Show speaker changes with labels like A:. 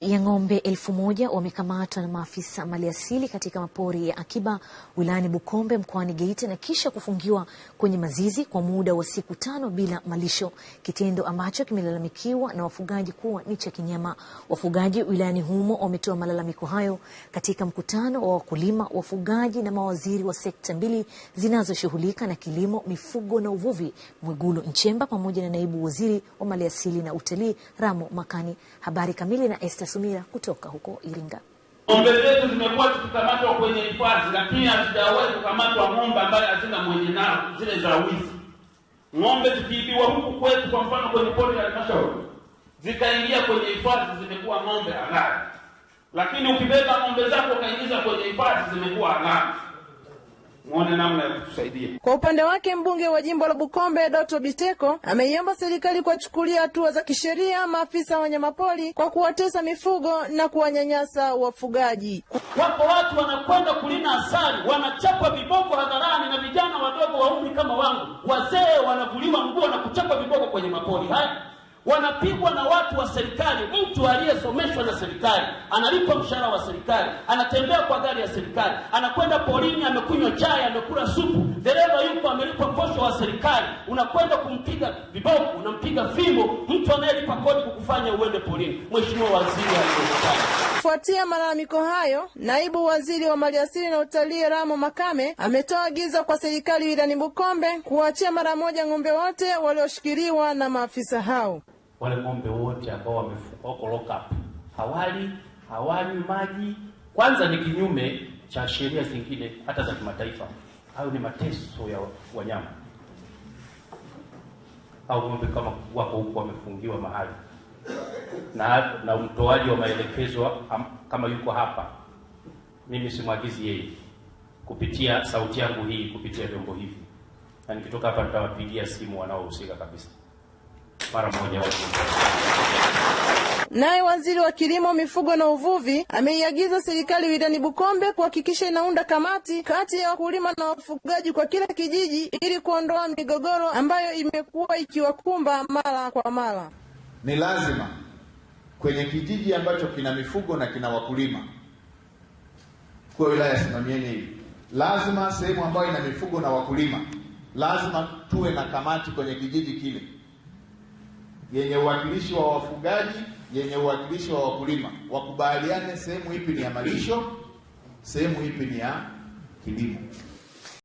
A: ya ng'ombe elfu moja wamekamatwa na maafisa maliasili katika mapori ya akiba wilayani Bukombe mkoani Geita na kisha kufungiwa kwenye mazizi kwa muda wa siku tano bila malisho, kitendo ambacho kimelalamikiwa na wafugaji kuwa ni cha kinyama. Wafugaji wilayani humo wametoa malalamiko hayo katika mkutano wa wakulima, wafugaji na mawaziri wa sekta mbili zinazoshughulika na kilimo, mifugo na uvuvi, Mwigulu Nchemba pamoja na naibu waziri wa maliasili na utalii Ramo Makani. Habari kamili na Esther Sumira kutoka huko Iringa.
B: Ng'ombe zetu zimekuwa zikikamatwa kwenye hifadhi, lakini hazijawahi kukamatwa ng'ombe ambaye hazina mwenye nao, zile za wizi. Ng'ombe zikiibiwa huku kwetu, kwa mfano kwenye pori la halmashauri, zikaingia kwenye hifadhi, zimekuwa ng'ombe halali, lakini ukibeba ng'ombe zako ukaingiza kwenye hifadhi, zimekuwa halali muone namna ya kutusaidia.
A: Kwa upande wake, mbunge wa jimbo la Bukombe Doto Biteko ameiomba serikali kuwachukulia hatua za kisheria maafisa wa wanyamapori kwa kuwatesa mifugo na kuwanyanyasa wafugaji.
C: Wapo watu wanakwenda kulina asali, wanachapwa viboko hadharani na vijana wadogo wa umri kama wangu, wazee wanavuliwa nguo na kuchapwa viboko kwenye mapori haya wanapigwa na watu wa serikali. Mtu aliyesomeshwa na serikali analipwa mshahara wa serikali, anatembea kwa gari ya serikali, anakwenda polini amekunywa chai, amekula supu, dereva yupo amelipwa posho wa serikali. Unakwenda kumpiga viboko, unampiga fimbo, mtu anayelipa kodi kukufanya uende polini Mheshimiwa Waziri aliwezekana
A: Kufuatia malalamiko hayo, naibu waziri wa maliasili na utalii Ramo Makame ametoa agizo kwa serikali wilayani Bukombe kuwaachia mara moja ng'ombe wote walioshikiliwa na maafisa hao.
D: Wale ng'ombe wote ambao wamefungwa lockup hawali hawanywi maji, kwanza ni kinyume cha sheria zingine hata za kimataifa. Hayo ni mateso ya wanyama au ng'ombe kama wako huko wamefungiwa mahali na, na mtoaji wa maelekezo kama yuko hapa, mimi simwagizi yeye kupitia sauti yangu hii, kupitia vyombo hivi, na nikitoka hapa nitawapigia simu wanaohusika kabisa mara moja.
A: Naye waziri wa kilimo, mifugo na uvuvi ameiagiza serikali wilayani Bukombe kuhakikisha inaunda kamati kati ya wakulima na wafugaji kwa kila kijiji ili kuondoa migogoro ambayo imekuwa ikiwakumba mara kwa mara.
E: Ni lazima kwenye kijiji ambacho kina mifugo na kina wakulima. Kwa wilaya simamieni hii lazima sehemu ambayo ina mifugo na wakulima, lazima tuwe na kamati kwenye kijiji kile yenye uwakilishi wa wafugaji, yenye uwakilishi wa wakulima, wakubaliane sehemu ipi ni ya malisho, sehemu ipi ni ya kilimo.